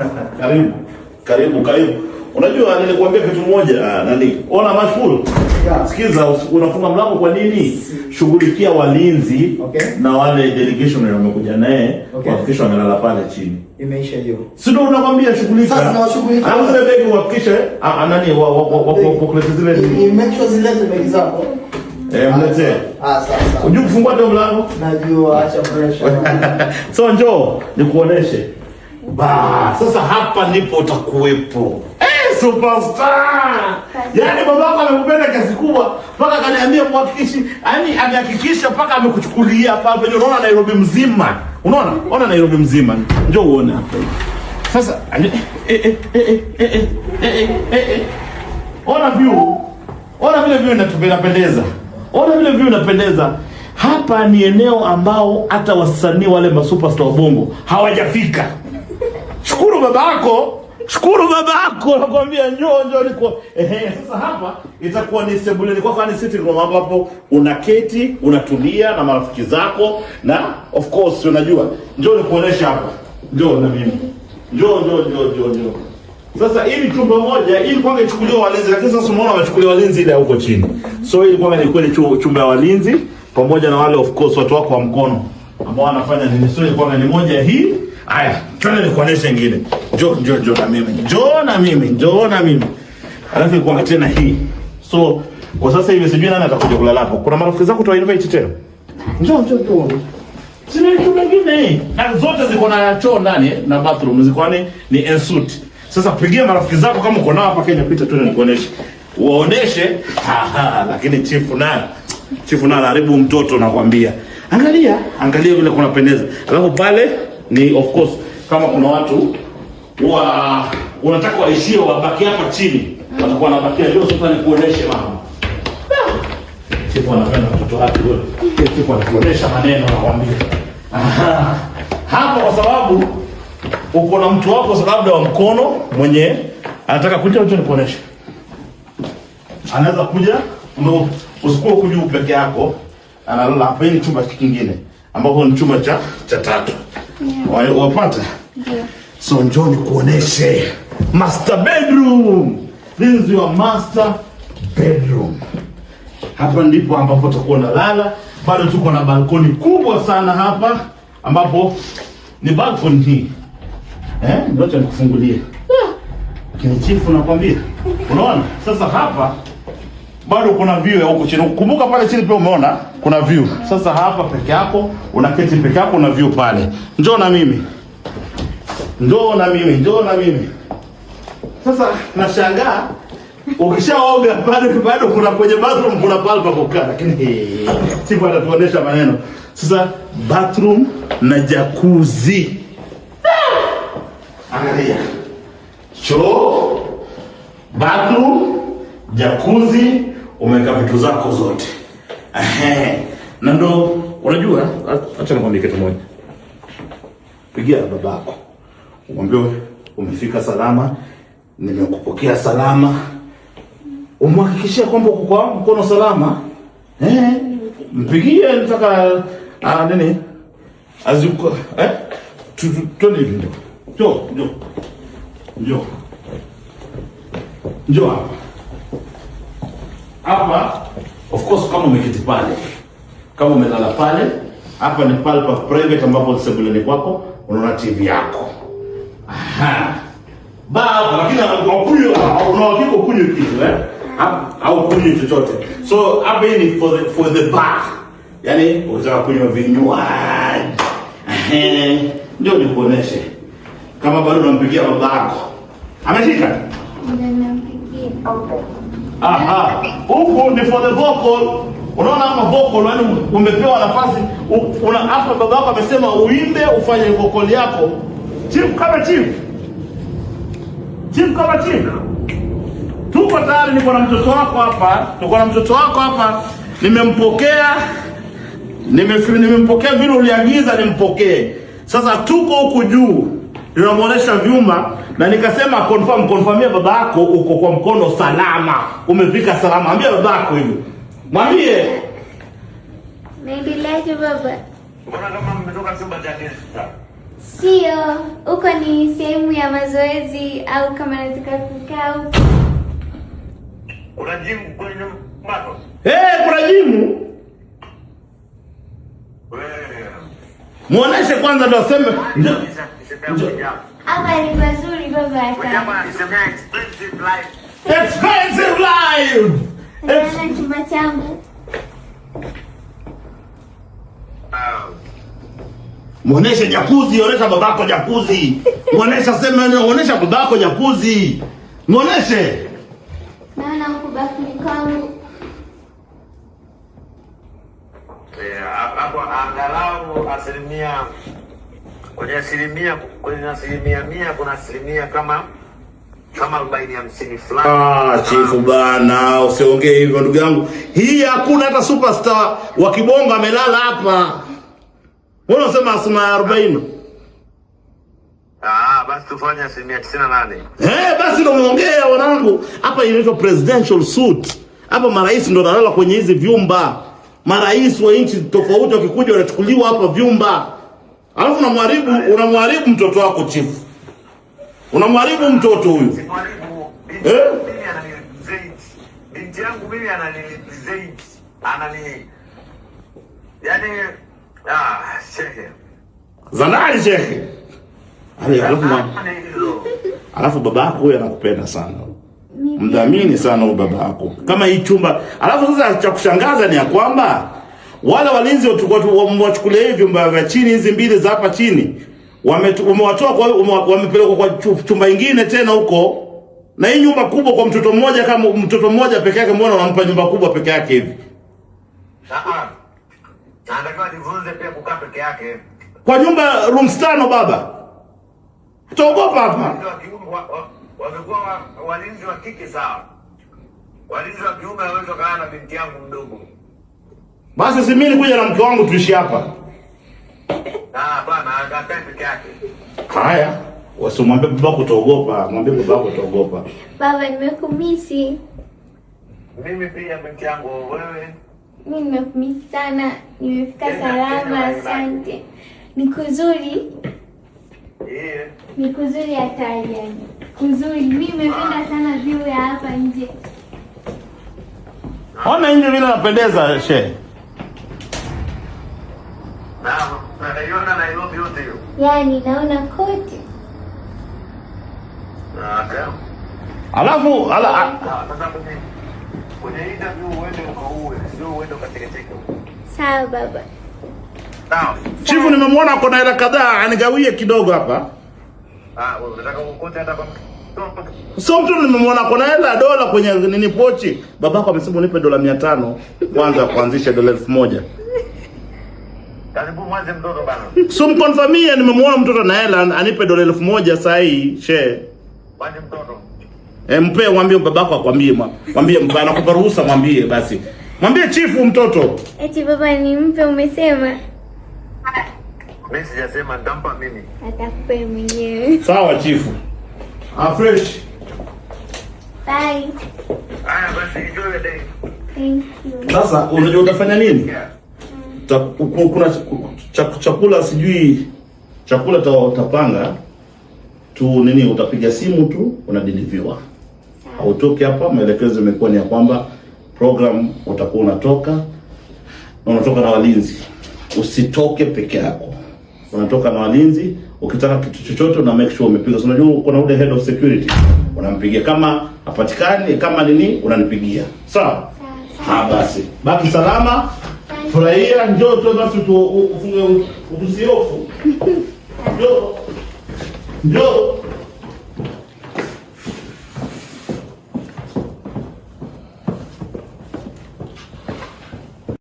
karibu karibu karibu. Unajua, nilikuambia kitu moja ah, nani, ona mashuhuri yeah. Sikiza, unafunga mlango kwa nini? Shughulikia walinzi okay. na wale delegation wamekuja naye kuhakikisha okay. wamelala pale chini, imeisha hiyo, si ndio? Unakwambia shughulika, sasa na washughulika au zile begi uhakikishe nani wa wa wa wa zile ni make sure zile begi zako eh, mlete ah, sasa ah, unajua kufungua ndio mlango, najua acha pressure. So njoo nikuoneshe Ba, sasa hapa ndipo utakuwepo. Hey, superstar. Yaani babako amekupenda kazi kubwa mpaka akaniambia muhakikishi, yaani amehakikisha mpaka amekuchukulia hapa hapa. Yaani unaona Nairobi mzima. Unaona? Ona Nairobi mzima. Njoo uone hapa. Sasa yaani, eh, eh, eh, eh eh eh eh eh eh. Ona view. Ona vile view inatupendeza. Ona vile view inapendeza. Hapa ni eneo ambao hata wasanii wale masuperstar wa Bongo hawajafika shukuru babako, shukuru babako, nakwambia njoo njoo niko. Ehe, sasa hapa itakuwa ni sebuleni kwako, ni sitting room ambapo unaketi unatulia na marafiki zako, na of course unajua, njoo nikuonesha hapa, njoo na mimi, njoo njoo njoo njoo njoo. Sasa hili chumba moja ili kwanza ichukuliwa walinzi, lakini sasa unaona wamechukuliwa walinzi ile huko chini, so ili kwanza ni kweli chumba ya walinzi pamoja na wale of course watu wako wa mkono ambao wanafanya nini, so ilikuwa ni moja hii Haya, twende nikuoneshe nyingine. Njoo, njoo, njoo na mimi. Njoo na mimi, njoo na mimi. Alafu nikuangalie tena hii. So, kwa sasa hivi sijui nani atakuja kulala hapo. Kuna marafiki zako tu invite tena. Njoo, njoo, njoo. Sina kitu kingine. Na zote ziko na choo ndani na bathroom ziko ni ni ensuit. Sasa pigia marafiki zako kama uko nao hapa Kenya, pita tu nikuoneshe. Waoneshe, aha, lakini chifu naye. Chifu naye haribu mtoto nakwambia. Angalia, angalia vile kunapendeza. Alafu pale ni of course, kama kuna watu wa unataka waishie wabaki hapa chini, watakuwa wanabakia. Leo sasa ni nikuoneshe mama Chifu anapenda mtoto wake wewe. Chifu anakuonesha maneno anakuambia. Hapa kwa sababu uko na mtu wako labda wa mkono mwenye anataka kuja ucho nikuoneshe, Anaweza kuja ndio usikuwa kujua peke yako, analala hapa ni chumba kingine ambapo ni chumba cha cha tatu. Yeah. Wapata? Yeah. So njoni kuoneshe master bedroom. This is your master bedroom. Hapa ndipo ambapo tutakuwa lala. Bado tuko na balkoni kubwa sana hapa ambapo ni balkoni hii. Eh, ndio Yeah. Kinichifu nakwambia. Unaona? Sasa hapa bado kuna view ya huko chini. Kumbuka pale chini pia umeona kuna view. Sasa hapa peke yako unaketi peke yako na view pale. Njoo na mimi, njoo na mimi, njoo na mimi. Sasa nashangaa ukishaoga bado bado kuna kwenye bathroom kuna pale pa kukaa, lakini sipo atatuonesha maneno. Sasa bathroom na jacuzzi, angalia choo, bathroom, jacuzzi umeweka vitu zako zote Ehe. na ndo unajua, acha nikwambie kitu moja, pigia babako umwambie umefika salama, nimekupokea salama, umhakikishia kwamba uko kwa mkono salama. Ehe. mpigie nataka a ah, nini azuko eh, Tu tu hivi, ndio ndio ndio ndio hapa hapa of course, kama umeketi pale, kama umelala pale, hapa ni pale pa private ambapo sebuleni kwako unaona TV yako. Aha. Baba, lakini unakunywa unaokiko kunywa kitu eh? Au kunywa chochote. So hapa ni for the, for the bar. Yaani unataka kunywa vinywaji. Ehe. ndio nikuoneshe. Kama bado unampigia baba yako. Ameshika? Ndio nampigia. Okay huku ni for the vocal. Unaona hapa vocal, yaani umepewa nafasi una hapa, baba yako amesema uimbe, ufanye vocal yako chief kama chief, chief kama chief. Tuko tayari, niko na mtoto wako hapa, tuko na mtoto wako hapa, nimempokea nimempokea vile uliagiza nimpokee. Sasa tuko huku juu linamuonesha vyuma, na nikasema confirm, confirmia baba yako uko kwa mkono salama, umefika salama. Ambia baba yako hivyo, mwambie naendeleaje baba. Mbona kama mmetoka chumba cha Sio, huko ni sehemu ya mazoezi au kama nataka kukaa huko. Kuna jimu kwenye mato? Eh, kuna jimu. Wewe Muoneshe kwanza ndio aseme. Hapa ni mazuri baba life. Muoneshe jakuzi, onesha babako jakuzi. Muonesha sema onesha babako jakuzi. Muoneshe. Naona huko bafuni kwangu. asilimia kwenye asilimia kwenye asilimia mia kuna asilimia kama kama arobaini hamsini fulani. Ah, chifu bana, usiongee hivyo ndugu yangu, hii hakuna hata superstar wa kibongo amelala hapa. Mbona unasema asilimia ya arobaini? Ah, basi tufanye asilimia tisini na nane. Eh, basi ndo muongea wanangu, hapa inaitwa presidential suite. Hapa marais ndo analala kwenye hizi vyumba marais wa nchi tofauti wakikuja wanachukuliwa hapa vyumba, alafu unamharibu unamharibu mtoto wako chifu, unamharibu mtoto huyu eh? Binti yangu mimi anani anani, yani ah, shehe zanari shehe, alafu babako huyu anakupenda sana mdhamini sana huyu baba yako, kama hii chumba. Alafu sasa cha kushangaza ni ya kwamba wale walinzi wachukulia hivi vyumba vya chini hizi mbili za hapa chini wamewatoa kwa wamepelekwa kwa chumba ingine tena huko, na hii nyumba kubwa kwa mtoto mmoja, kama mtoto mmoja peke yake, mbona wanampa nyumba kubwa peke yake hivi? Ah, ah. Kwa nyumba room tano, baba, tutaogopa hapa wamekuwa walinzi wa kike sawa, walinzi wa kiume hawezi kaa na binti yangu mdogo. Basi si mimi nikuja na mke wangu tuishi hapa. Ah bwana, akataa peke yake. Haya, wasimwambie baba utaogopa, mwambie baba utaogopa. Baba, nimekumisi. Mimi pia binti yangu wewe. Mimi nimekumisi sana, nimefika salama, asante. Ni kuzuri. Eh. Ni kuzuri hata yani uzuri. Mimi nimependa sana view ya hapa nje. Ona nje vile napendeza she. Yaani naona kote. Alafu ala ah, Sawa baba. Sawa. Chifu nimemwona kuna hela kadhaa, anigawie kidogo hapa. Ah, unataka ukote hata kama So mtu nimemwona kuna hela dola kwenye nini pochi. Babako amesema unipe dola 500 kwanza kuanzisha dola 1000. Karibu mwanze mtoto bana. So mkonfamia nimemwona mtoto na hela anipe dola 1000 saa hii she. Mwanze mtoto. E, mpe mwambie babako akwambie mwambie mbaya nakupa ruhusa mwambie basi. Mwambie chifu mtoto. Eti baba ni mpe umesema. Mimi sijasema ndampa mimi. Atakupa mwenyewe. Sawa chifu. Afresh. Ah, Bye. Bye, basi enjoy the day. Thank you. Sasa unajua utafanya nini? Yeah. Mm. Kuna chakula sijui chakula utapanga tu nini, utapiga simu tu unadiliviwa. Hautoki hapa. Maelekezo yamekuwa ni ya kwamba program utakuwa unatoka na unatoka na walinzi, usitoke peke yako, unatoka na walinzi ukitaka kitu chochote una make sure umepiga. So unajua kuna ule head of security unampigia, kama hapatikani kama nini unanipigia, sawa? Ha, ah, basi baki salama, furahia, njoo tu basi tu ufunge usiofu, njoo njoo